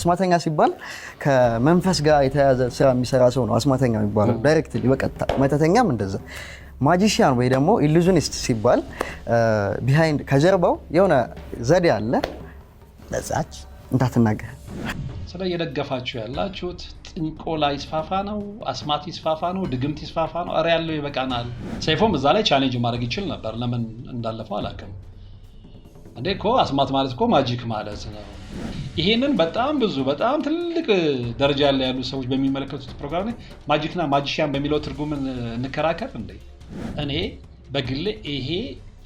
አስማተኛ ሲባል ከመንፈስ ጋር የተያዘ ስራ የሚሰራ ሰው ነው አስማተኛ የሚባለው ዳይሬክትሊ በቀጥታ መተተኛም እንደዛ። ማጂሽያን ወይ ደግሞ ኢሉዥኒስት ሲባል ቢሃይንድ ከጀርባው የሆነ ዘዴ አለ። ለዛች እንዳትናገር ስለ እየደገፋችሁ ያላችሁት ጥንቆላ ይስፋፋ ነው፣ አስማት ይስፋፋ ነው፣ ድግምት ይስፋፋ ነው። ኧረ ያለው ይበቃናል። ሰይፎም እዛ ላይ ቻሌንጅ ማድረግ ይችል ነበር። ለምን እንዳለፈው አላውቅም። እንዴ እኮ አስማት ማለት እኮ ማጂክ ማለት ነው ይሄንን በጣም ብዙ በጣም ትልቅ ደረጃ ላይ ያሉ ሰዎች በሚመለከቱት ፕሮግራም ላይ ማጂክና ማጂሽያን በሚለው ትርጉም እንከራከር እንደ እኔ በግል ይሄ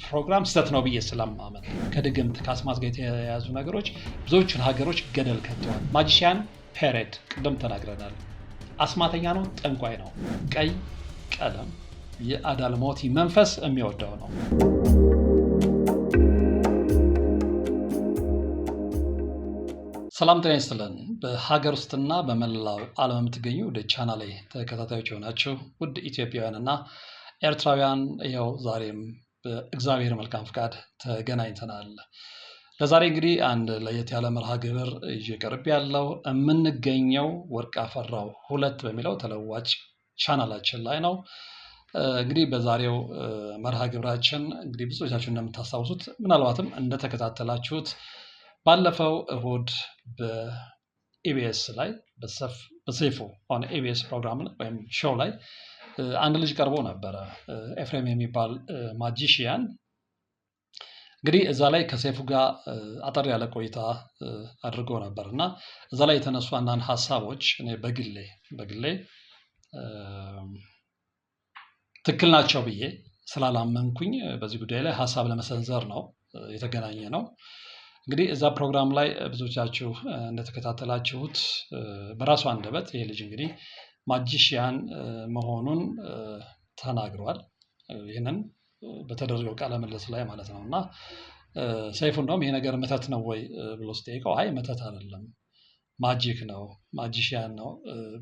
ፕሮግራም ስህተት ነው ብዬ ስለማመን ከድግምት ከአስማት ጋር የተያያዙ ነገሮች ብዙዎቹን ሀገሮች ገደል ከተዋል። ማጂሽያን ፔሬድ ቅድም ተናግረናል። አስማተኛ ነው፣ ጠንቋይ ነው። ቀይ ቀለም የአዳልሞቲ መንፈስ የሚወደው ነው። ሰላም ጤና ይስጥልን። በሀገር ውስጥና በመላው ዓለም የምትገኙ ወደ ላይ ተከታታዮች የሆናችሁ ውድ ኢትዮጵያውያንና ኤርትራውያን ይኸው ዛሬም በእግዚአብሔር መልካም ፍቃድ ተገናኝተናል። ለዛሬ እንግዲህ አንድ ለየት ያለ መርሃ ግብር ይዤ ቀርብ ያለው የምንገኘው ወርቅ አፈራው ሁለት በሚለው ተለዋጭ ቻናላችን ላይ ነው። እንግዲህ በዛሬው መርሃ ግብራችን እንግዲህ ብዙዎቻችሁ እንደምታስታውሱት ምናልባትም እንደተከታተላችሁት ባለፈው እሁድ በኢቢኤስ ላይ በሴፎ ሆነ ኢቢኤስ ፕሮግራም ወይም ሾው ላይ አንድ ልጅ ቀርቦ ነበረ፣ ኤፍሬም የሚባል ማጂሽያን። እንግዲህ እዛ ላይ ከሴፉ ጋር አጠር ያለ ቆይታ አድርጎ ነበር እና እዛ ላይ የተነሱ አንዳንድ ሀሳቦች እኔ በግሌ በግሌ ትክክል ናቸው ብዬ ስላላመንኩኝ በዚህ ጉዳይ ላይ ሀሳብ ለመሰንዘር ነው የተገናኘ ነው። እንግዲህ እዛ ፕሮግራም ላይ ብዙዎቻችሁ እንደተከታተላችሁት በራሱ አንደበት ይሄ ልጅ እንግዲህ ማጂሽያን መሆኑን ተናግሯል። ይህንን በተደረገው ቃለ መለስ ላይ ማለት ነው። እና ሰይፉ እንደውም ይሄ ነገር መተት ነው ወይ ብሎ ስጠይቀው አይ መተት አይደለም ማጂክ ነው ማጂሽያን ነው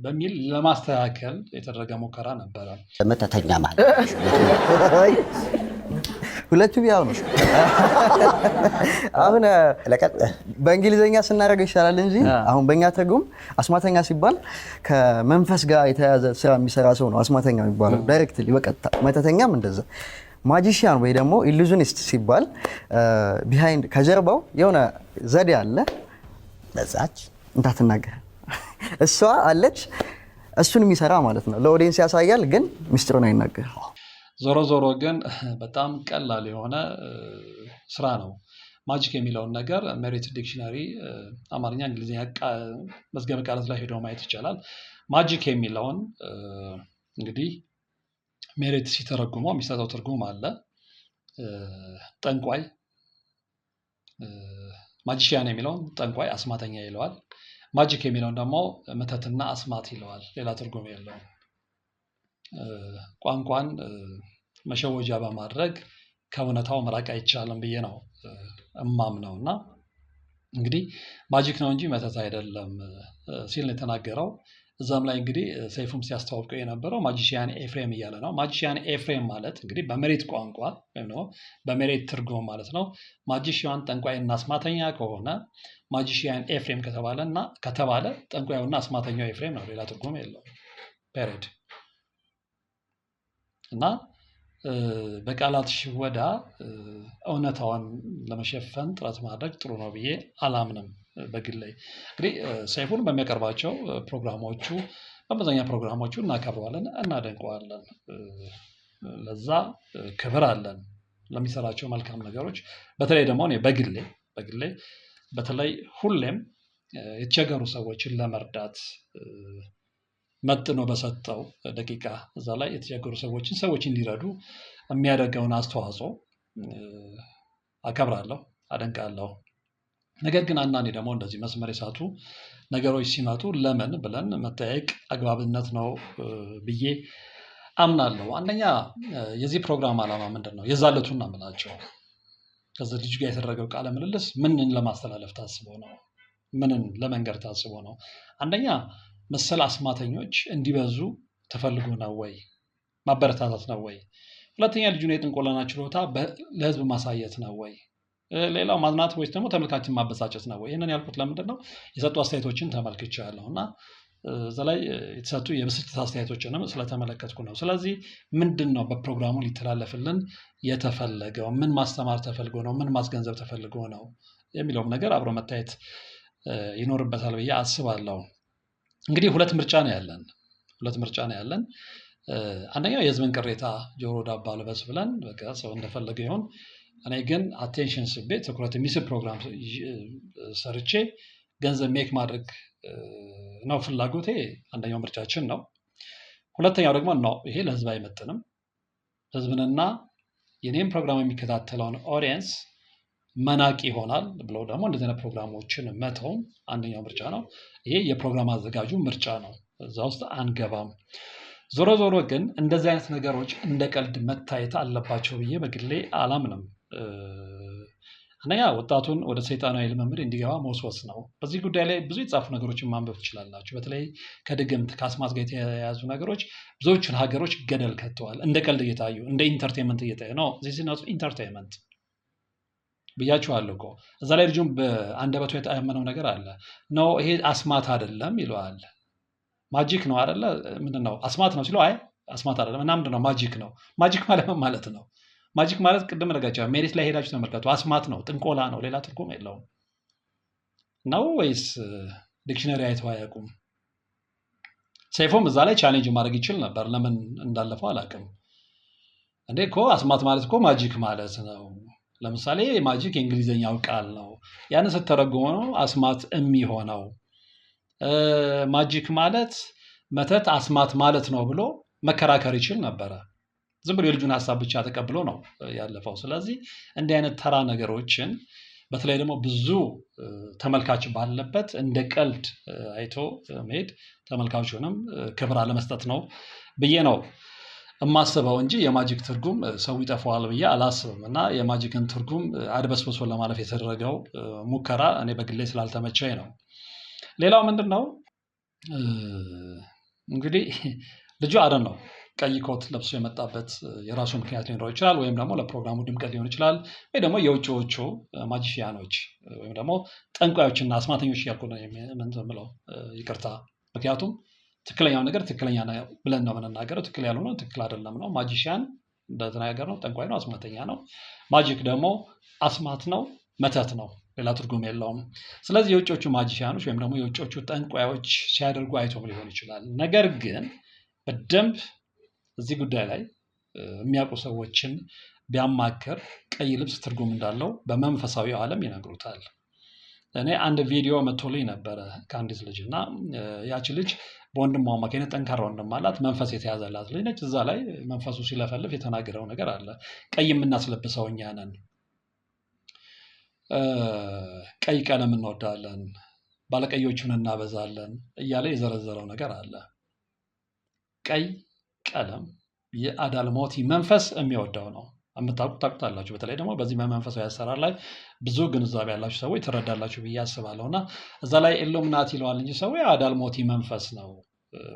በሚል ለማስተካከል የተደረገ ሙከራ ነበረ። መተተኛ ማለት ሁለቱ ያው ነው። አሁን በእንግሊዝኛ ስናደርገው ይሻላል እንጂ አሁን በእኛ ትርጉም አስማተኛ ሲባል ከመንፈስ ጋር የተያዘ ስራ የሚሰራ ሰው ነው አስማተኛ የሚባለው ዳይሬክትሊ በቀጥታ መተተኛም እንደዛ። ማጂሽያን ወይ ደግሞ ኢሉዥኒስት ሲባል ቢሃይንድ ከጀርባው የሆነ ዘዴ አለ። በዛች እንዳትናገር እሷ አለች። እሱን የሚሰራ ማለት ነው። ለኦዲየንስ ያሳያል፣ ግን ሚስጥሩን አይናገር። ዞሮ ዞሮ ግን በጣም ቀላል የሆነ ስራ ነው። ማጂክ የሚለውን ነገር ሜሪት ዲክሽነሪ አማርኛ፣ እንግሊዝኛ መዝገበ ቃላት ላይ ሄዶ ማየት ይቻላል። ማጂክ የሚለውን እንግዲህ ሜሪት ሲተረጉመው የሚሰጠው ትርጉም አለ። ጠንቋይ ማጂሽያን የሚለውን ጠንቋይ አስማተኛ ይለዋል። ማጂክ የሚለውን ደግሞ ምተትና አስማት ይለዋል። ሌላ ትርጉም የለውም። ቋንቋን መሸወጃ በማድረግ ከእውነታው መራቅ አይቻልም ብዬ ነው ነው እና እንግዲህ ማጂክ ነው እንጂ መተት አይደለም ሲል ነው የተናገረው። እዛም ላይ እንግዲህ ሰይፉም ሲያስተዋውቀው የነበረው ማጂሽያን ኤፍሬም እያለ ነው። ማጂሽያን ኤፍሬም ማለት እንግዲህ በመሬት ቋንቋ ወይም ደግሞ በመሬት ትርጉም ማለት ነው። ማጂሽያን ጠንቋይና አስማተኛ ከሆነ ማጂሽያን ኤፍሬም ከተባለ እና ከተባለ ጠንቋዩና አስማተኛው ኤፍሬም ነው። ሌላ ትርጉም የለውም። ፔሬድ እና በቃላት ሽወዳ እውነታዋን ለመሸፈን ጥረት ማድረግ ጥሩ ነው ብዬ አላምንም። ላይ እንግዲህ ሰይፉን በሚያቀርባቸው ፕሮግራሞቹ በመዝናኛ ፕሮግራሞቹ እናከብረዋለን፣ እናደንቀዋለን። ለዛ ክብር አለን ለሚሰራቸው መልካም ነገሮች። በተለይ ደግሞ እኔ በግሌ በግሌ በተለይ ሁሌም የተቸገሩ ሰዎችን ለመርዳት መጥኖ በሰጠው ደቂቃ እዛ ላይ የተቸገሩ ሰዎችን ሰዎች እንዲረዱ የሚያደርገውን አስተዋጽኦ አከብራለሁ፣ አደንቃለሁ። ነገር ግን አንዳንዴ ደግሞ እንደዚህ መስመር የሳቱ ነገሮች ሲመጡ ለምን ብለን መጠያየቅ አግባብነት ነው ብዬ አምናለሁ። አንደኛ የዚህ ፕሮግራም ዓላማ ምንድን ነው? የዛለቱን አምላቸው ከዚህ ልጅ ጋር የተደረገው ቃለ ምልልስ ምንን ለማስተላለፍ ታስቦ ነው? ምንን ለመንገድ ታስቦ ነው? አንደኛ መሰል አስማተኞች እንዲበዙ ተፈልጎ ነው ወይ? ማበረታታት ነው ወይ? ሁለተኛ ልጁን የጥንቆላና ችሎታ ለህዝብ ማሳየት ነው ወይ? ሌላው ማዝናት ወይስ ደግሞ ተመልካችን ማበሳጨት ነው ወይ? ይህንን ያልኩት ለምንድን ነው የሰጡ አስተያየቶችን ተመልክቻለሁ እና እዛ ላይ የተሰጡ የብስጭት አስተያየቶችንም ስለተመለከትኩ ነው። ስለዚህ ምንድን ነው በፕሮግራሙ ሊተላለፍልን የተፈለገው? ምን ማስተማር ተፈልጎ ነው? ምን ማስገንዘብ ተፈልጎ ነው የሚለውም ነገር አብሮ መታየት ይኖርበታል ብዬ አስባለሁ። እንግዲህ ሁለት ምርጫ ነው ያለን ሁለት ምርጫ ነው ያለን። አንደኛው የህዝብን ቅሬታ ጆሮ ዳባ ልበስ ብለን በቃ ሰው እንደፈለገ ይሁን። እኔ ግን አቴንሽን ስቤ ትኩረት የሚስብ ፕሮግራም ሰርቼ ገንዘብ ሜክ ማድረግ ነው ፍላጎቴ። አንደኛው ምርጫችን ነው። ሁለተኛው ደግሞ ነው ይሄ ለህዝብ አይመጥንም፣ ህዝብንና የኔም ፕሮግራም የሚከታተለውን ኦዲየንስ መናቅ ይሆናል ብለው ደግሞ እንደዚህ አይነት ፕሮግራሞችን መተውም አንደኛው ምርጫ ነው። ይሄ የፕሮግራም አዘጋጁ ምርጫ ነው። እዛ ውስጥ አንገባም። ዞሮ ዞሮ ግን እንደዚህ አይነት ነገሮች እንደ ቀልድ መታየት አለባቸው ብዬ በግሌ አላምንም። አንደኛ ወጣቱን ወደ ሰይጣናዊ ልምምድ እንዲገባ መወስወስ ነው። በዚህ ጉዳይ ላይ ብዙ የጻፉ ነገሮችን ማንበብ ትችላላችሁ። በተለይ ከድግምት ከአስማት ጋር የተያያዙ ነገሮች ብዙዎችን ሀገሮች ገደል ከተዋል። እንደ ቀልድ እየታዩ እንደ ኢንተርቴንመንት እየታዩ ነው። ዚህ ኢዝ ኢንተርቴንመንት ብያችኋለሁ እኮ እዛ ላይ ልጁም በአንደበቱ የታመነው ነገር አለ። ኖ ይሄ አስማት አይደለም ይለዋል። ማጂክ ነው አለ። ምንድን ነው አስማት ነው ሲለው አይ አስማት አይደለም እና ምንድን ነው ማጂክ ነው። ማጂክ ማለት ማለት ነው። ማጂክ ማለት ቅድም ረጋቸው ሜሪት ላይ ሄዳችሁ ተመልከቱ። አስማት ነው፣ ጥንቆላ ነው። ሌላ ትርጉም የለውም ነው ወይስ ዲክሽነሪ አይተው አያውቁም? ሰይፎም እዛ ላይ ቻሌንጅ ማድረግ ይችል ነበር። ለምን እንዳለፈው አላውቅም። እንዴ እኮ አስማት ማለት እኮ ማጂክ ማለት ነው ለምሳሌ ማጂክ የእንግሊዝኛው ቃል ነው። ያን ስተረጉመው ነው አስማት የሚሆነው። ማጂክ ማለት መተት አስማት ማለት ነው ብሎ መከራከር ይችል ነበረ። ዝም ብሎ የልጁን ሀሳብ ብቻ ተቀብሎ ነው ያለፈው። ስለዚህ እንዲህ አይነት ተራ ነገሮችን በተለይ ደግሞ ብዙ ተመልካች ባለበት እንደ ቀልድ አይቶ መሄድ ተመልካቹንም ክብር አለመስጠት ነው ብዬ ነው የማስበው እንጂ የማጂክ ትርጉም ሰው ይጠፋዋል ብዬ አላስብም እና የማጂክን ትርጉም አድበስብሶ ለማለፍ የተደረገው ሙከራ እኔ በግሌ ስላልተመቸኝ ነው። ሌላው ምንድን ነው እንግዲህ ልጁ አደን ነው ቀይ ኮት ለብሶ የመጣበት የራሱ ምክንያት ሊኖረው ይችላል፣ ወይም ደግሞ ለፕሮግራሙ ድምቀት ሊሆን ይችላል፣ ወይ ደግሞ የውጭዎቹ ማጂሽያኖች ወይም ደግሞ ጠንቋዮችና አስማተኞች እያልኩ ነው የምለው። ይቅርታ ምክንያቱም ትክክለኛው ነገር ትክክለኛ ብለን ነው የምንናገረው። ትክክል ያልሆነ ትክክል አይደለም ነው። ማጂሽያን እንደተናገር ነው ጠንቋይ ነው፣ አስማተኛ ነው። ማጂክ ደግሞ አስማት ነው፣ መተት ነው፣ ሌላ ትርጉም የለውም። ስለዚህ የውጮቹ ማጂሽያኖች ወይም ደግሞ የውጮቹ ጠንቋዮች ሲያደርጉ አይቶም ሊሆን ይችላል። ነገር ግን በደንብ እዚህ ጉዳይ ላይ የሚያውቁ ሰዎችን ቢያማክር ቀይ ልብስ ትርጉም እንዳለው በመንፈሳዊ ዓለም ይነግሩታል። እኔ አንድ ቪዲዮ መቶልኝ ነበረ ከአንዲት ልጅ እና ያች ልጅ በወንድሟ አማካኝነት ጠንካራ ወንድም አላት። መንፈስ የተያዘላት ልጅ ነች። እዛ ላይ መንፈሱ ሲለፈልፍ የተናገረው ነገር አለ። ቀይ የምናስለብሰው እኛ ነን። ቀይ ቀለም እንወዳለን፣ ባለቀዮቹን እናበዛለን እያለ የዘረዘረው ነገር አለ። ቀይ ቀለም የአዳልሞቲ መንፈስ የሚወደው ነው። የምታውቁ ታውቁታላችሁ። በተለይ ደግሞ በዚህ በመንፈሳዊ አሰራር ላይ ብዙ ግንዛቤ ያላችሁ ሰዎች ትረዳላችሁ ብዬ አስባለሁ። እና እዛ ላይ ኢሉምናት ይለዋል እንጂ ሰው አዳልሞቲ መንፈስ ነው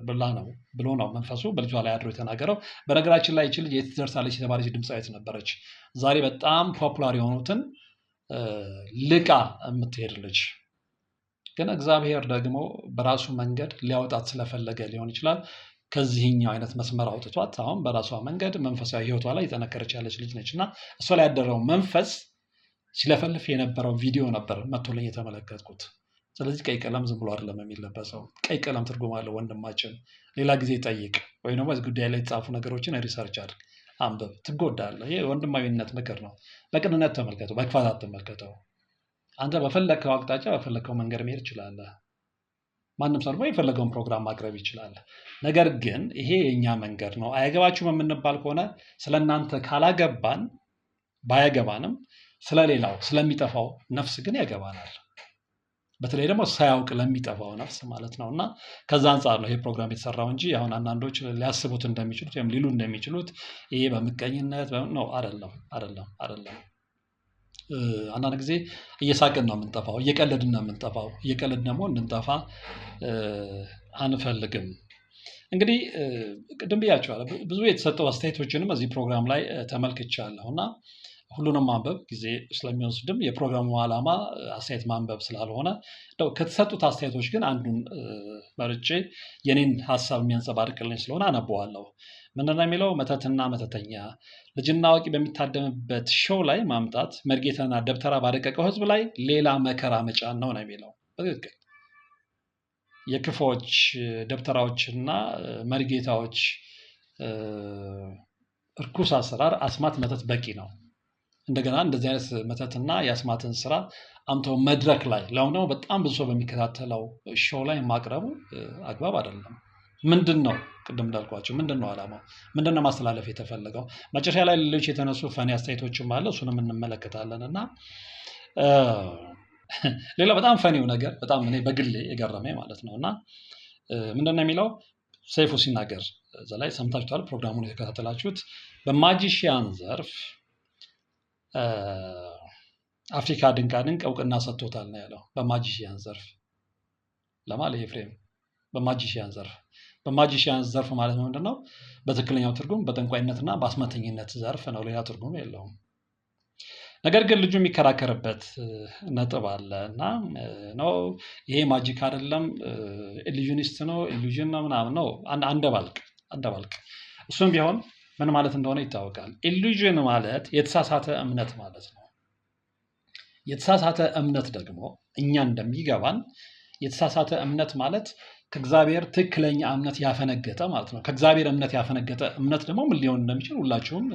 ብላ ነው ብሎ ነው መንፈሱ በልጇ ላይ አድሮ የተናገረው። በነገራችን ላይ ይችል የት ትደርሳለች የተባለች ድምፃዊት ነበረች። ዛሬ በጣም ፖፑላር የሆኑትን ልቃ የምትሄድ ልጅ ግን እግዚአብሔር ደግሞ በራሱ መንገድ ሊያወጣት ስለፈለገ ሊሆን ይችላል ከዚህኛው አይነት መስመር አውጥቷት አሁን በራሷ መንገድ መንፈሳዊ ህይወቷ ላይ የጠነከረች ያለች ልጅ ነች እና እሷ ላይ ያደረው መንፈስ ሲለፈልፍ የነበረው ቪዲዮ ነበር መቶልኝ የተመለከትኩት። ስለዚህ ቀይ ቀለም ዝም ብሎ አይደለም የሚለበሰው። ቀይ ቀለም ትርጉም አለው። ወንድማችን ሌላ ጊዜ ጠይቅ፣ ወይ ደግሞ ጉዳይ ላይ የተጻፉ ነገሮችን ሪሰርች አድርግ፣ አንብብ፣ ትጎዳለህ። ይህ ወንድማዊነት ምክር ነው። በቅንነት ተመልከተው፣ በክፋት አትመልከተው። አንተ በፈለግከው አቅጣጫ በፈለግከው መንገድ መሄድ ትችላለህ። ማንም ሰው ደግሞ የፈለገውን ፕሮግራም ማቅረብ ይችላል። ነገር ግን ይሄ የእኛ መንገድ ነው። አያገባችሁም የምንባል ከሆነ ስለእናንተ ካላገባን ባያገባንም ስለሌላው ስለሚጠፋው ነፍስ ግን ያገባናል። በተለይ ደግሞ ሳያውቅ ለሚጠፋው ነፍስ ማለት ነው። እና ከዛ አንጻር ነው ይሄ ፕሮግራም የተሰራው እንጂ አሁን አንዳንዶች ሊያስቡት እንደሚችሉት ወይም ሊሉ እንደሚችሉት ይሄ በምቀኝነት ነው። አደለም አደለም አንዳንድ ጊዜ እየሳቅን ነው የምንጠፋው፣ እየቀለድን ነው የምንጠፋው። እየቀለድን ደግሞ እንድንጠፋ አንፈልግም። እንግዲህ ቅድም ብያቸዋለሁ፣ ብዙ የተሰጠው አስተያየቶችንም እዚህ ፕሮግራም ላይ ተመልክቻለሁ እና ሁሉንም ማንበብ ጊዜ ስለሚወስድም የፕሮግራሙ ዓላማ አስተያየት ማንበብ ስላልሆነ ከተሰጡት አስተያየቶች ግን አንዱን መርጬ የኔን ሀሳብ የሚያንጸባርቅልኝ ስለሆነ አነበዋለሁ። ምንድነው የሚለው? መተትና መተተኛ ልጅና አዋቂ በሚታደምበት ሾው ላይ ማምጣት መርጌታና ደብተራ ባደቀቀው ህዝብ ላይ ሌላ መከራ መጫን ነው ነው የሚለው በትክክል የክፎች ደብተራዎችና መርጌታዎች እርኩስ አሰራር አስማት መተት በቂ ነው። እንደገና እንደዚህ አይነት መተትና የአስማትን ስራ አምተው መድረክ ላይ ለሁም ደግሞ በጣም ብዙ ሰው በሚከታተለው ሾው ላይ ማቅረቡ አግባብ አይደለም። ምንድን ነው ቅድም እንዳልኳቸው ምንድን ነው አላማው? ምንድን ነው ማስተላለፍ የተፈለገው? መጨረሻ ላይ ሌሎች የተነሱ ፈኒ አስተያየቶችም አለ፣ እሱንም እንመለከታለን እና ሌላ በጣም ፈኒው ነገር በጣም እኔ በግሌ የገረመኝ ማለት ነው እና ምንድን ነው የሚለው ሰይፉ ሲናገር እዛ ላይ ሰምታችኋል፣ ፕሮግራሙን የተከታተላችሁት በማጂሽያን ዘርፍ አፍሪካ ድንቃድንቅ እውቅና ሰጥቶታል ነው ያለው። በማጂሽያን ዘርፍ ለማለ ኤፍሬም በማጂሽያን ዘርፍ በማጂሽያን ዘርፍ ማለት ነው ምንድነው በትክክለኛው ትርጉም በጠንቋይነትና በአስመተኝነት ዘርፍ ነው። ሌላ ትርጉም የለውም። ነገር ግን ልጁ የሚከራከርበት ነጥብ አለ እና ነው ይሄ ማጂክ አይደለም፣ ኢሉዥኒስት ነው፣ ኢሉዥን ነው ምናምን ነው። አንደ ባልቅ እሱም ቢሆን ምን ማለት እንደሆነ ይታወቃል። ኢሉዥን ማለት የተሳሳተ እምነት ማለት ነው። የተሳሳተ እምነት ደግሞ እኛ እንደሚገባን የተሳሳተ እምነት ማለት ከእግዚአብሔር ትክክለኛ እምነት ያፈነገጠ ማለት ነው። ከእግዚአብሔር እምነት ያፈነገጠ እምነት ደግሞ ምን ሊሆን እንደሚችል ሁላችሁም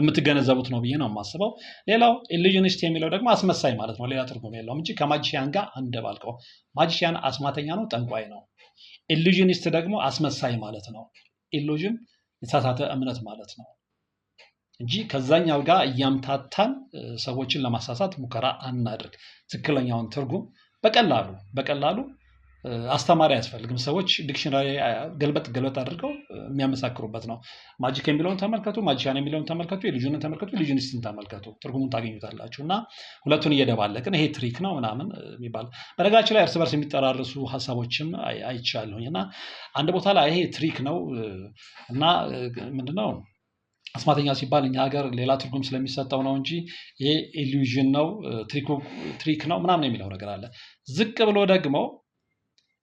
የምትገነዘቡት ነው ብዬ ነው የማስበው። ሌላው ኢሉዥኒስት የሚለው ደግሞ አስመሳይ ማለት ነው። ሌላ ትርጉም የለውም እንጂ ከማጂሽያን ጋር እንደባልቀው ማጂሽያን አስማተኛ ነው፣ ጠንቋይ ነው። ኢሉዥኒስት ደግሞ አስመሳይ ማለት ነው። ኢሉዥን የተሳሳተ እምነት ማለት ነው እንጂ ከዛኛው ጋር እያምታታን ሰዎችን ለማሳሳት ሙከራ አናድርግ። ትክክለኛውን ትርጉም በቀላሉ በቀላሉ አስተማሪ አያስፈልግም። ሰዎች ዲክሽነሪ ገልበጥ ገልበጥ አድርገው የሚያመሳክሩበት ነው። ማጂክ የሚለውን ተመልከቱ፣ ማጂሻን የሚለውን ተመልከቱ፣ ኢሉዥንን ተመልከቱ፣ ኢሉዥኒስትን ተመልከቱ፣ ትርጉሙን ታገኙታላችሁ። እና ሁለቱን እየደባለቅን ይሄ ትሪክ ነው ምናምን የሚባል በነገራችን ላይ እርስ በርስ የሚጠራርሱ ሀሳቦችም አይቻለሁኝ። እና አንድ ቦታ ላይ ይሄ ትሪክ ነው እና ምንድነው አስማተኛ ሲባል እኛ ሀገር ሌላ ትርጉም ስለሚሰጠው ነው እንጂ ይሄ ኢሉዥን ነው ትሪክ ነው ምናምን የሚለው ነገር አለ። ዝቅ ብሎ ደግሞ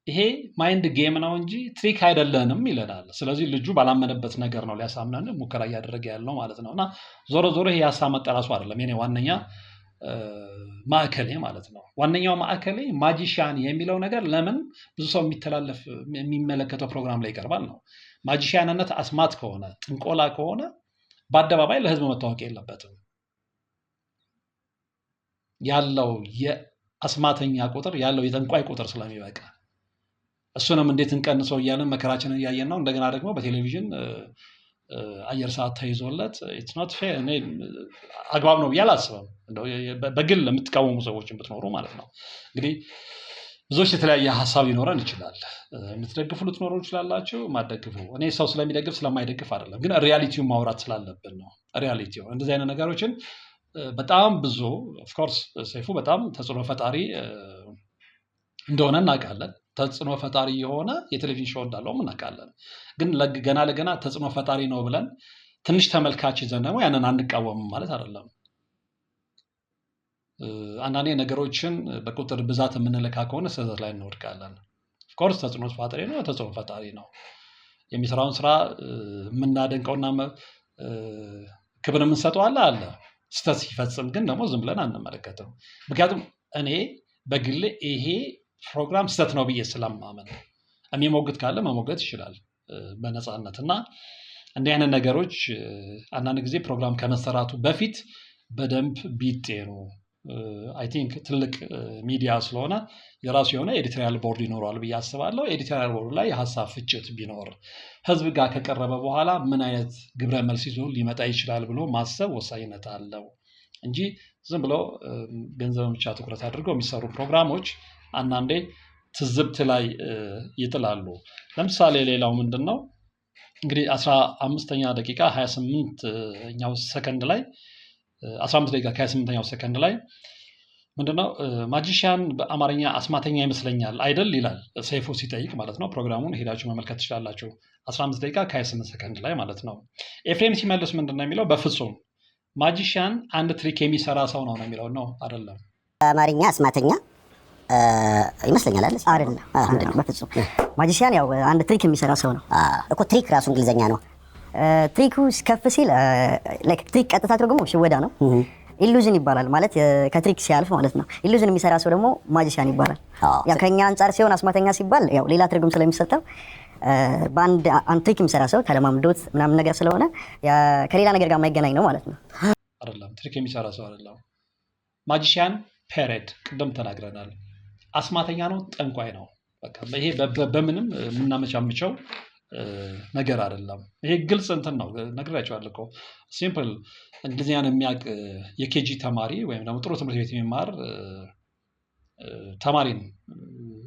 ይሄ ማይንድ ጌም ነው እንጂ ትሪክ አይደለንም ይለናል። ስለዚህ ልጁ ባላመነበት ነገር ነው ሊያሳምነን ሙከራ እያደረገ ያለው ማለት ነው። እና ዞሮ ዞሮ ይሄ ሀሳብ መጠራሱ አይደለም የኔ ዋነኛ ማዕከሌ ማለት ነው። ዋነኛው ማዕከሌ ማጂሽያን የሚለው ነገር ለምን ብዙ ሰው የሚተላለፍ የሚመለከተው ፕሮግራም ላይ ይቀርባል ነው። ማጂሽያንነት አስማት ከሆነ ጥንቆላ ከሆነ በአደባባይ ለህዝብ መታወቅ የለበትም። ያለው የአስማተኛ ቁጥር ያለው የጠንቋይ ቁጥር ስለሚበቃ እሱንም እንዴት እንቀንሰው እያለን መከራችንን እያየን ነው። እንደገና ደግሞ በቴሌቪዥን አየር ሰዓት ተይዞለት ኢትስኖት አግባብ ነው ብዬ አላስብም። በግል ለምትቃወሙ ሰዎች ብትኖሩ ማለት ነው እንግዲህ ብዙዎች የተለያየ ሀሳብ ሊኖረን ይችላል። የምትደግፉ ልትኖሩ ይችላላችሁ። ማደግፉ እኔ ሰው ስለሚደግፍ ስለማይደግፍ አይደለም፣ ግን ሪያሊቲውን ማውራት ስላለብን ነው። ሪያሊቲው እንደዚህ አይነት ነገሮችን በጣም ብዙ ኦፍኮርስ ሰይፉ በጣም ተጽዕኖ ፈጣሪ እንደሆነ እናውቃለን። ተጽዕኖ ፈጣሪ የሆነ የቴሌቪዥን ሾው እንዳለውም እናውቃለን። ግን ገና ለገና ተጽዕኖ ፈጣሪ ነው ብለን ትንሽ ተመልካች ይዘን ደግሞ ያንን አንቃወምም ማለት አይደለም። አንዳንዴ ነገሮችን በቁጥር ብዛት የምንለካ ከሆነ ስህተት ላይ እንወድቃለን። ኦፍኮርስ ተጽዕኖ ፈጣሪ ነው፣ ተጽዕኖ ፈጣሪ ነው። የሚሰራውን ስራ የምናደንቀውና ክብር የምንሰጠው አለ አለ። ስህተት ሲፈጽም ግን ደግሞ ዝም ብለን አንመለከትም። ምክንያቱም እኔ በግሌ ይሄ ፕሮግራም ስህተት ነው ብዬ ስለማመን የሚሞግት ካለ መሞገት ይችላል በነፃነት እና እንዲህ አይነት ነገሮች አንዳንድ ጊዜ ፕሮግራም ከመሰራቱ በፊት በደንብ ቢጤኑ አይ ቲንክ ትልቅ ሚዲያ ስለሆነ የራሱ የሆነ ኤዲቶሪያል ቦርድ ይኖረዋል ብዬ አስባለሁ። ኤዲቶሪያል ቦርድ ላይ የሀሳብ ፍጭት ቢኖር ህዝብ ጋር ከቀረበ በኋላ ምን አይነት ግብረ መልስ ይዞ ሊመጣ ይችላል ብሎ ማሰብ ወሳኝነት አለው እንጂ ዝም ብሎ ገንዘብ ብቻ ትኩረት አድርገው የሚሰሩ ፕሮግራሞች አንዳንዴ ትዝብት ላይ ይጥላሉ። ለምሳሌ ሌላው ምንድን ነው እንግዲህ አስራ አምስተኛ ደቂቃ ሀያ ስምንተኛው ሰከንድ ላይ አስራ አምስት ደቂቃ ከሀያ ስምንተኛው ሰከንድ ላይ ምንድነው ማጂሽያን በአማርኛ አስማተኛ ይመስለኛል አይደል ይላል ሰይፉ ሲጠይቅ ማለት ነው። ፕሮግራሙን ሄዳችሁ መመልከት ትችላላችሁ። 15 ደቂቃ ከ28 ሰከንድ ላይ ማለት ነው። ኤፍሬም ሲመልስ ምንድን ነው የሚለው? በፍጹም ማጂሽያን አንድ ትሪክ የሚሰራ ሰው ነው ነው የሚለው ነው። አይደለም በአማርኛ አስማተኛ ይመስለኛል አይደል? አይደለም፣ በፍጹም ማጂሽያን ያው አንድ ትሪክ የሚሰራ ሰው ነው እኮ። ትሪክ ራሱ እንግሊዘኛ ነው። ትሪኩ ከፍ ሲል ላይክ ትሪክ ቀጥታ ትርጉሙ ሽወዳ ነው። ኢሉዥን ይባላል ማለት ከትሪክ ሲያልፍ ማለት ነው። ኢሉዥን የሚሰራ ሰው ደግሞ ማጂሽያን ይባላል። ያው ከኛ አንጻር ሲሆን አስማተኛ ሲባል ያው ሌላ ትርጉም ስለሚሰጠው በአንድ አንድ ትሪክ የሚሰራ ሰው ከለማምዶት ምናምን ነገር ስለሆነ ከሌላ ነገር ጋር የማይገናኝ ነው ማለት ነው። አይደለም ትሪክ የሚሰራ ሰው አይደለም ማጂሽያን ፔሬድ ቅድም ተናግረናል። አስማተኛ ነው፣ ጠንቋይ ነው። ይሄ በምንም የምናመቻምቸው ነገር አይደለም። ይሄ ግልጽ እንትን ነው። ነግሬያቸዋለሁ እኮ ሲምፕል እንግሊዝኛን የሚያውቅ የኬጂ ተማሪ ወይም ደግሞ ጥሩ ትምህርት ቤት የሚማር ተማሪን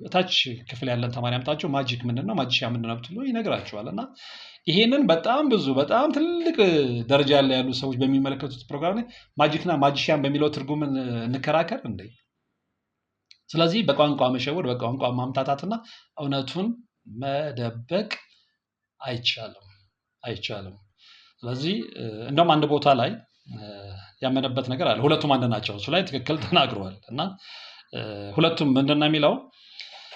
እታች ክፍል ያለን ተማሪ አምጣችሁ ማጂክ ምንድነው ማጂሻ ምንድነው ነው ብትሉ እና ይሄንን በጣም ብዙ በጣም ትልቅ ደረጃ ያለ ያሉ ሰዎች በሚመለከቱት ፕሮግራም ላይ ማጂክና ማጂሻን በሚለው ትርጉም እንከራከር እንዴ? ስለዚህ በቋንቋ መሸወድ፣ በቋንቋ ማምታታትና እውነቱን መደበቅ አይቻልም አይቻልም። ስለዚህ እንደም አንድ ቦታ ላይ ያመነበት ነገር አለ። ሁለቱም አንድ ናቸው። እሱ ላይ ትክክል ተናግረዋል። እና ሁለቱም ምንድና የሚለው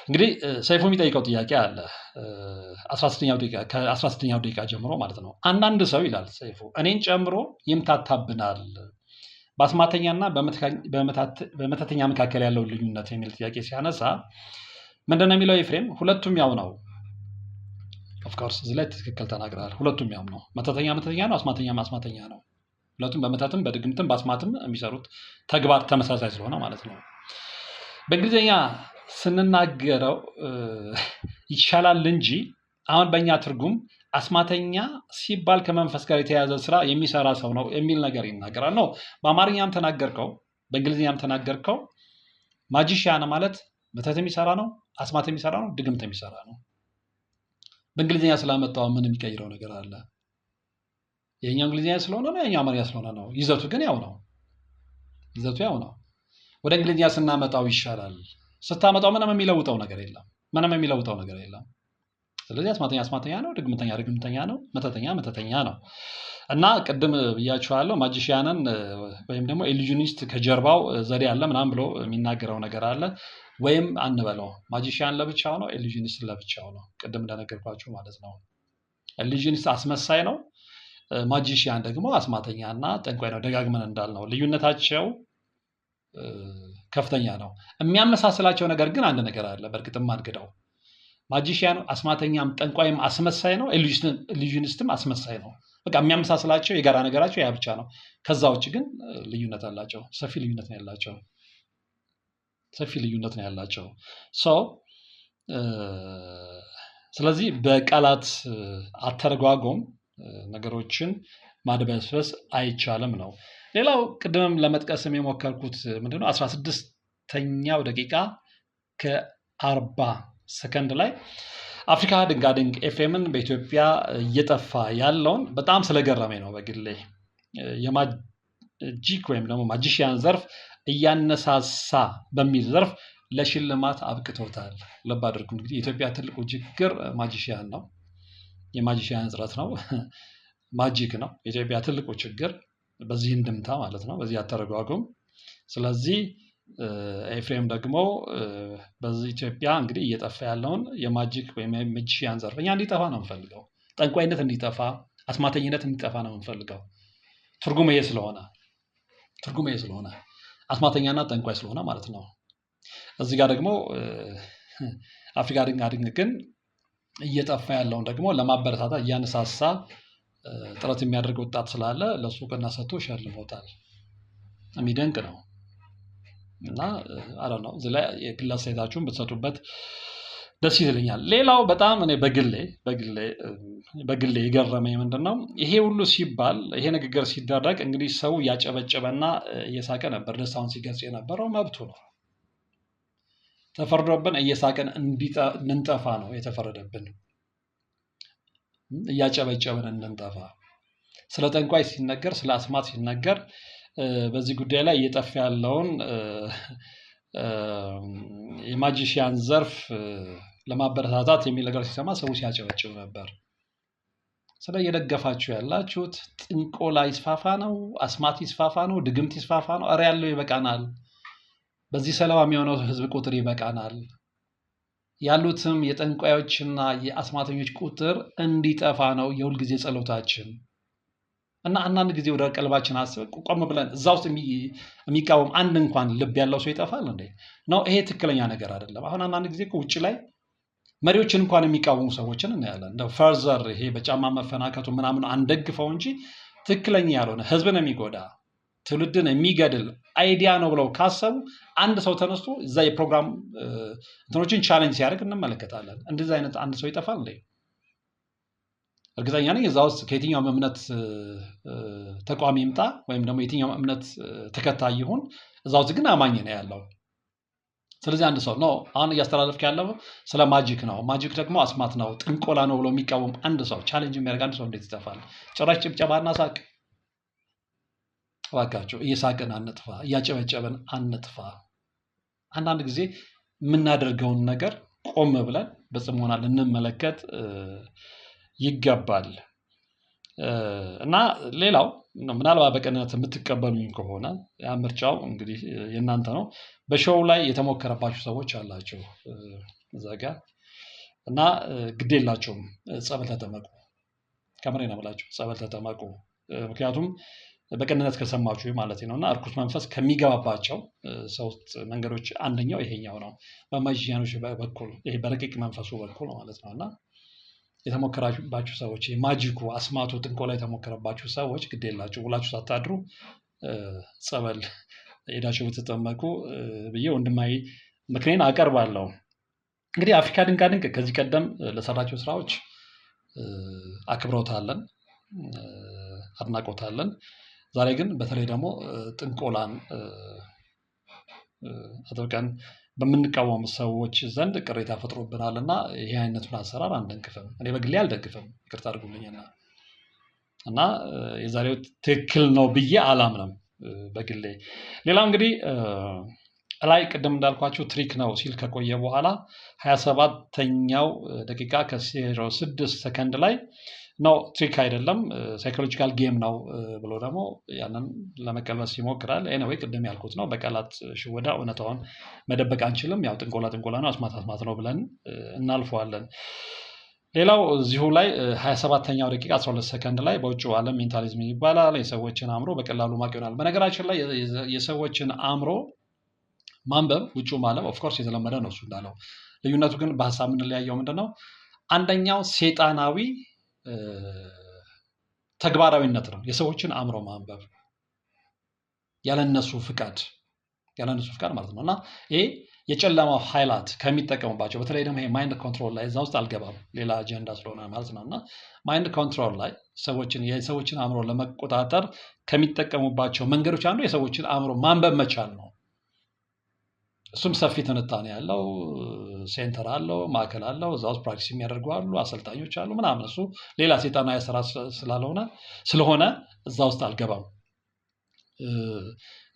እንግዲህ ሰይፉ የሚጠይቀው ጥያቄ አለ። 1 ስድስተኛው ደቂቃ ጀምሮ ማለት ነው። አንዳንድ ሰው ይላል ሰይፉ እኔን ጨምሮ ይምታታብናል በአስማተኛና በመተተኛ መካከል ያለው ልዩነት የሚል ጥያቄ ሲያነሳ ምንድነው የሚለው ኤፍሬም? ሁለቱም ያው ነው። ኦፍኮርስ እዚህ ላይ ትክክል ተናግራል። ሁለቱም ያው ነው። መተተኛ መተተኛ ነው፣ አስማተኛ አስማተኛ ነው። ሁለቱም በመተትም በድግምትም በአስማትም የሚሰሩት ተግባር ተመሳሳይ ስለሆነ ማለት ነው። በእንግሊዝኛ ስንናገረው ይሻላል እንጂ አሁን በእኛ ትርጉም አስማተኛ ሲባል ከመንፈስ ጋር የተያያዘ ስራ የሚሰራ ሰው ነው የሚል ነገር ይናገራል። ነው በአማርኛም ተናገርከው በእንግሊዝኛም ተናገርከው ማጂሽያን ማለት መተት የሚሰራ ነው፣ አስማት የሚሰራ ነው፣ ድግምት የሚሰራ ነው። በእንግሊዝኛ ስላመጣው ምን የሚቀይረው ነገር አለ? የኛው እንግሊዝኛ ስለሆነ ነው፣ የኛው አማርኛ ስለሆነ ነው። ይዘቱ ግን ያው ነው። ይዘቱ ያው ነው። ወደ እንግሊዝኛ ስናመጣው ይሻላል። ስታመጣው ምንም የሚለውጠው ነገር የለም። ምንም የሚለውጠው ነገር የለም። ስለዚህ አስማተኛ አስማተኛ ነው፣ ድግምተኛ ድግምተኛ ነው፣ መተተኛ መተተኛ ነው። እና ቅድም ብያችኋለሁ ማጂሽያንን ወይም ደግሞ ኢሉዥኒስት ከጀርባው ዘዴ አለ ምናምን ብሎ የሚናገረው ነገር አለ። ወይም አንበለው ማጂሽያን ለብቻው ነው፣ ኢሉዥኒስት ለብቻው ነው። ቅድም እንደነገርኳችሁ ማለት ነው። ኢሉዥኒስት አስመሳይ ነው፣ ማጂሽያን ደግሞ አስማተኛ እና ጠንቋይ ነው። ደጋግመን እንዳልነው ልዩነታቸው ከፍተኛ ነው። የሚያመሳስላቸው ነገር ግን አንድ ነገር አለ። በእርግጥም ማድግደው ነው አስማተኛም ጠንቋይም አስመሳይ ነው፣ ኢሉዥኒስትም አስመሳይ ነው። በቃ የሚያመሳስላቸው የጋራ ነገራቸው ያ ብቻ ነው። ከዛ ውጭ ግን ልዩነት አላቸው። ሰፊ ልዩነት ነው ያላቸው። ሰፊ ልዩነት ነው ያላቸው። ስለዚህ በቃላት አተረጓጎም ነገሮችን ማድበስበስ አይቻልም ነው። ሌላው ቅድምም ለመጥቀስም የሞከርኩት ምንድነው አስራ ስድስተኛው ደቂቃ ከአርባ ሰከንድ ላይ አፍሪካ ድንጋድንቅ ኤፍኤምን በኢትዮጵያ እየጠፋ ያለውን በጣም ስለገረመኝ ነው። በግሌ የማጂክ ወይም ደግሞ ማጂሽያን ዘርፍ እያነሳሳ በሚል ዘርፍ ለሽልማት አብቅቶታል። ልብ አድርጉ እንግዲህ የኢትዮጵያ ትልቁ ችግር ማጂሽያን ነው፣ የማጂሽያን እጥረት ነው፣ ማጂክ ነው የኢትዮጵያ ትልቁ ችግር በዚህ እንድምታ ማለት ነው፣ በዚህ አተረጓጉም ስለዚህ ኤፍሬም ደግሞ በዚህ ኢትዮጵያ እንግዲህ እየጠፋ ያለውን የማጂክ ወይም ዘርፍ እኛ እንዲጠፋ ነው የምፈልገው። ጠንቋይነት እንዲጠፋ፣ አስማተኝነት እንዲጠፋ ነው የምንፈልገው። ትርጉም ይሄ ስለሆነ ትርጉም ይሄ ስለሆነ አስማተኛና ጠንቋይ ስለሆነ ማለት ነው። እዚህ ጋር ደግሞ አፍሪካ አድንግ አድንግ ግን እየጠፋ ያለውን ደግሞ ለማበረታታት እያነሳሳ ጥረት የሚያደርግ ወጣት ስላለ ለሱ ቅና ሰጥቶ ሸልሞታል። የሚደንቅ ነው። እና አረ እዚ ላይ የግል አስተያየታችሁን ብትሰጡበት ደስ ይልኛል። ሌላው በጣም እኔ በግሌ በግሌ በግሌ ምንድን ነው ይሄ ሁሉ ሲባል ይሄ ንግግር ሲደረግ እንግዲህ ሰው እያጨበጨበና እየሳቀ ነበር ደስታውን ሲገልጽ የነበረው መብቱ ነው። ተፈርዶብን እየሳቅን እንንጠፋ ነው የተፈረደብን። እያጨበጨብን እንንጠፋ ስለ ጠንቋይ ሲነገር፣ ስለ አስማት ሲነገር በዚህ ጉዳይ ላይ እየጠፋ ያለውን የማጂሽያን ዘርፍ ለማበረታታት የሚል ነገር ሲሰማ ሰው ሲያጨበጭብ ነበር። ስለ እየደገፋችሁ ያላችሁት ጥንቆላ ይስፋፋ ነው፣ አስማት ይስፋፋ ነው፣ ድግምት ይስፋፋ ነው። ያለው ይበቃናል፣ በዚህ ሰለባ የሚሆነው ህዝብ ቁጥር ይበቃናል። ያሉትም የጠንቋዮችና የአስማተኞች ቁጥር እንዲጠፋ ነው የሁልጊዜ ጸሎታችን። እና አንዳንድ ጊዜ ወደ ቀልባችን አስበን ቆም ብለን እዛ ውስጥ የሚቃወም አንድ እንኳን ልብ ያለው ሰው ይጠፋል እንዴ? ነው ይሄ ትክክለኛ ነገር አይደለም። አሁን አንዳንድ ጊዜ ውጭ ላይ መሪዎችን እንኳን የሚቃወሙ ሰዎችን እናያለን። እንደ ፈርዘር ይሄ በጫማ መፈናከቱ ምናምን አንደግፈው እንጂ ትክክለኛ ያልሆነ ህዝብን የሚጎዳ ትውልድን የሚገድል አይዲያ ነው ብለው ካሰቡ አንድ ሰው ተነስቶ እዛ የፕሮግራም እንትኖችን ቻለንጅ ሲያደርግ እንመለከታለን። እንደዚህ አይነት አንድ ሰው ይጠፋል እንዴ? እርግጠኛ ነኝ እዛ ውስጥ ከየትኛውም እምነት ተቋም ይምጣ ወይም ደግሞ የትኛውም እምነት ተከታይ ይሁን እዛ ውስጥ ግን አማኝ ነው ያለው። ስለዚህ አንድ ሰው ነው አሁን እያስተላለፍክ ያለው ስለ ማጂክ ነው። ማጂክ ደግሞ አስማት ነው፣ ጥንቆላ ነው ብሎ የሚቃወም አንድ ሰው ቻሌንጅ የሚያደርግ አንድ ሰው እንዴት ይጠፋል? ጭራሽ ጭብጨባና ሳቅ። እባካችሁ እየሳቅን አንጥፋ፣ እያጨበጨበን አንጥፋ። አንዳንድ ጊዜ የምናደርገውን ነገር ቆም ብለን በጽሞና ልንመለከት ይገባል። እና ሌላው ምናልባት በቅንነት የምትቀበሉኝ ከሆነ ያ ምርጫው እንግዲህ የእናንተ ነው። በሾው ላይ የተሞከረባቸው ሰዎች አላቸው ዘጋ እና ግድ የላቸውም ጸበል ተጠመቁ። ከምሬ ነው የምላችሁ ጸበል ተጠመቁ። ምክንያቱም በቅንነት ከሰማችሁ ማለት ነው እና እርኩስ መንፈስ ከሚገባባቸው ሶስት መንገዶች አንደኛው ይሄኛው ነው። በማጂያኖች በኩል ይሄ በረቂቅ መንፈሱ በኩል ማለት ነው እና የተሞከራባቸው ሰዎች የማጂኩ አስማቱ ጥንቆላ የተሞከረባችሁ ሰዎች ግድ የላችሁ ውላችሁ ሳታድሩ ጸበል ሄዳችሁ ብትጠመቁ ብዬ ወንድማዊ ምክሬን አቀርባለሁ። እንግዲህ አፍሪካ ድንቃ ድንቅ ከዚህ ቀደም ለሰራቸው ስራዎች አክብረውታለን አድናቆታለን። ዛሬ ግን በተለይ ደግሞ ጥንቆላን አጥብቀን በምንቃወሙ ሰዎች ዘንድ ቅሬታ ፈጥሮብናል እና ይህ አይነቱን አሰራር አንደግፍም። እኔ በግሌ አልደግፍም። ይቅርታ አድርጉልኝና እና የዛሬው ትክክል ነው ብዬ አላምንም በግሌ። ሌላ እንግዲህ ላይ ቅድም እንዳልኳቸው ትሪክ ነው ሲል ከቆየ በኋላ ሀያ ሰባተኛው ደቂቃ ከዜሮ ስድስት ሰከንድ ላይ Uh, ነው። ትሪክ አይደለም ሳይኮሎጂካል ጌም ነው ብሎ ደግሞ ያንን ለመቀልበስ ይሞክራል። ኤኒዌይ ቅድም ያልኩት ነው፣ በቃላት ሽወዳ እውነታውን መደበቅ አንችልም። ያው ጥንቆላ ጥንቆላ ነው፣ አስማት አስማት ነው ብለን uh, እናልፈዋለን። ሌላው እዚሁ ላይ 27ተኛው uh, ደቂቃ 12 ሰከንድ ላይ በውጭ ዓለም ሜንታሊዝም ይባላል። የሰዎችን አእምሮ በቀላሉ ማቅ ይሆናል። በነገራችን ላይ የሰዎችን አእምሮ ማንበብ ውጭ ማለም ኦፍኮርስ የተለመደ ነው እሱ እንዳለው። ልዩነቱ ግን በሀሳብ የምንለያየው ምንድነው። አንደኛው ሴጣናዊ ተግባራዊነት ነው። የሰዎችን አእምሮ ማንበብ ያለነሱ ፍቃድ ያለነሱ ፍቃድ ማለት ነው እና ይሄ የጨለማው ኃይላት ከሚጠቀሙባቸው በተለይ ደግሞ ይሄ ማይንድ ኮንትሮል ላይ እዛ ውስጥ አልገባም፣ ሌላ አጀንዳ ስለሆነ ማለት ነው እና ማይንድ ኮንትሮል ላይ ሰዎችን የሰዎችን አእምሮ ለመቆጣጠር ከሚጠቀሙባቸው መንገዶች አንዱ የሰዎችን አእምሮ ማንበብ መቻል ነው። እሱም ሰፊ ትንታኔ ያለው ሴንተር አለው፣ ማዕከል አለው። እዛ ውስጥ ፕራክቲስ የሚያደርጉ አሉ፣ አሰልጣኞች አሉ ምናምን። እሱ ሌላ ሴጣና የስራ ስላልሆነ ስለሆነ እዛ ውስጥ አልገባም።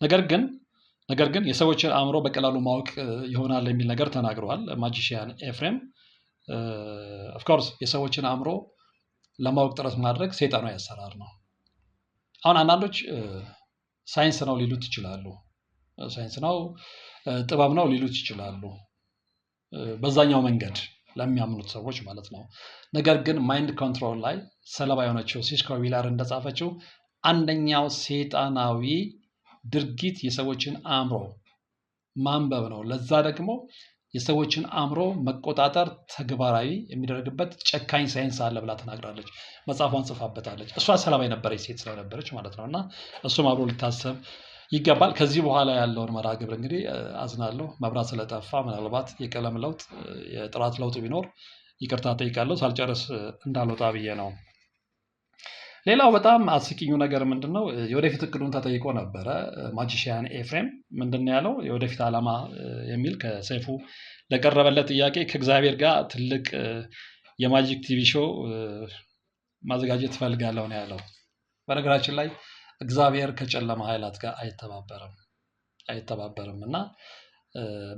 ነገር ግን ነገር ግን የሰዎችን አእምሮ በቀላሉ ማወቅ ይሆናል የሚል ነገር ተናግረዋል ማጂሽያን ኤፍሬም። ኦፍኮርስ የሰዎችን አእምሮ ለማወቅ ጥረት ማድረግ ሴጣናዊ አሰራር ነው። አሁን አንዳንዶች ሳይንስ ነው ሊሉት ይችላሉ። ሳይንስ ነው፣ ጥበብ ነው ሊሉት ይችላሉ። በዛኛው መንገድ ለሚያምኑት ሰዎች ማለት ነው። ነገር ግን ማይንድ ኮንትሮል ላይ ሰለባ የሆነችው ሲስኮ ዊላር እንደጻፈችው አንደኛው ሴጣናዊ ድርጊት የሰዎችን አእምሮ ማንበብ ነው። ለዛ ደግሞ የሰዎችን አእምሮ መቆጣጠር ተግባራዊ የሚደረግበት ጨካኝ ሳይንስ አለ ብላ ተናግራለች። መጽሐፏን ጽፋበታለች። እሷ ሰላማዊ ነበረች ሴት ስለነበረች ማለት ነው። እና እሱም አብሮ ሊታሰብ ይገባል። ከዚህ በኋላ ያለውን መርሃ ግብር እንግዲህ አዝናለሁ፣ መብራት ስለጠፋ ምናልባት የቀለም ለውጥ የጥራት ለውጥ ቢኖር ይቅርታ ጠይቃለሁ። ሳልጨርስ እንዳልወጣ ብዬ ነው። ሌላው በጣም አስቂኙ ነገር ምንድን ነው? የወደፊት እቅዱን ተጠይቆ ነበረ ማጂሽያን ኤፍሬም ምንድን ነው ያለው? የወደፊት ዓላማ የሚል ከሰይፉ ለቀረበለት ጥያቄ ከእግዚአብሔር ጋር ትልቅ የማጂክ ቲቪ ሾው ማዘጋጀት ትፈልጋለሁ ነው ያለው። በነገራችን ላይ እግዚአብሔር ከጨለማ ኃይላት ጋር አይተባበርም አይተባበርም እና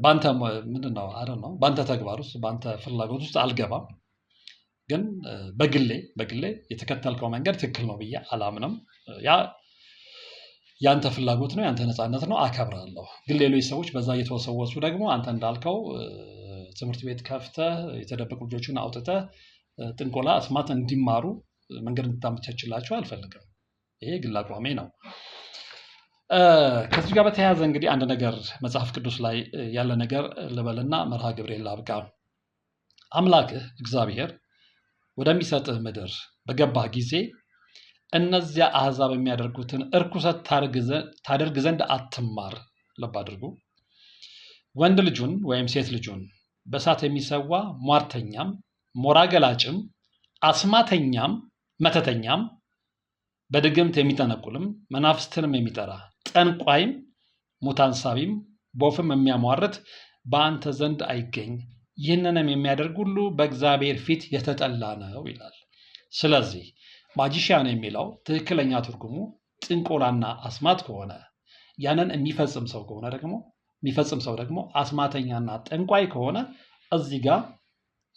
በአንተ ምንድነው አረ ነው በአንተ ተግባር ውስጥ በአንተ ፍላጎት ውስጥ አልገባም። ግን በግሌ በግሌ የተከተልከው መንገድ ትክክል ነው ብዬ አላምንም። ያ ያንተ ፍላጎት ነው፣ ያንተ ነፃነት ነው፣ አከብራለሁ። ግን ሌሎች ሰዎች በዛ እየተወሰወሱ ደግሞ አንተ እንዳልከው ትምህርት ቤት ከፍተ የተደበቁ ልጆችን አውጥተ ጥንቆላ፣ አስማት እንዲማሩ መንገድ እንድታመቻችላቸው አልፈልግም። ይሄ ግል አቋሜ ነው። ከዚህ ጋር በተያያዘ እንግዲህ አንድ ነገር መጽሐፍ ቅዱስ ላይ ያለ ነገር ልበልና መርሃ ግብሬ ላብቃ። አምላክህ እግዚአብሔር ወደሚሰጥህ ምድር በገባህ ጊዜ እነዚያ አህዛብ የሚያደርጉትን እርኩሰት ታደርግ ዘንድ አትማር። ልብ አድርጉ። ወንድ ልጁን ወይም ሴት ልጁን በእሳት የሚሰዋ ሟርተኛም፣ ሞራ ገላጭም፣ አስማተኛም፣ መተተኛም በድግምት የሚጠነቁልም መናፍስትንም የሚጠራ ጠንቋይም ሙታንሳቢም ቦፍም የሚያሟርት በአንተ ዘንድ አይገኝ። ይህንንም የሚያደርግ ሁሉ በእግዚአብሔር ፊት የተጠላ ነው ይላል። ስለዚህ ማጂሽያን የሚለው ትክክለኛ ትርጉሙ ጥንቆላና አስማት ከሆነ ያንን የሚፈጽም ሰው ከሆነ ደግሞ የሚፈጽም ሰው ደግሞ አስማተኛና ጠንቋይ ከሆነ እዚህ ጋር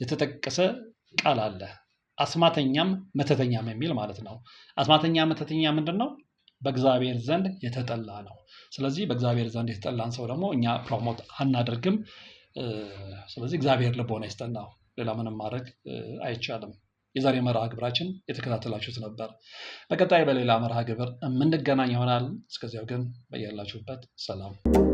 የተጠቀሰ ቃል አለ። አስማተኛም መተተኛም የሚል ማለት ነው። አስማተኛ መተተኛ ምንድን ነው? በእግዚአብሔር ዘንድ የተጠላ ነው። ስለዚህ በእግዚአብሔር ዘንድ የተጠላን ሰው ደግሞ እኛ ፕሮሞት አናደርግም። ስለዚህ እግዚአብሔር ልቦና ይስጠናው። ሌላ ምንም ማድረግ አይቻልም። የዛሬ መርሃ ግብራችን የተከታተላችሁት ነበር። በቀጣይ በሌላ መርሃ ግብር የምንገናኝ ይሆናል። እስከዚያው ግን በያላችሁበት ሰላም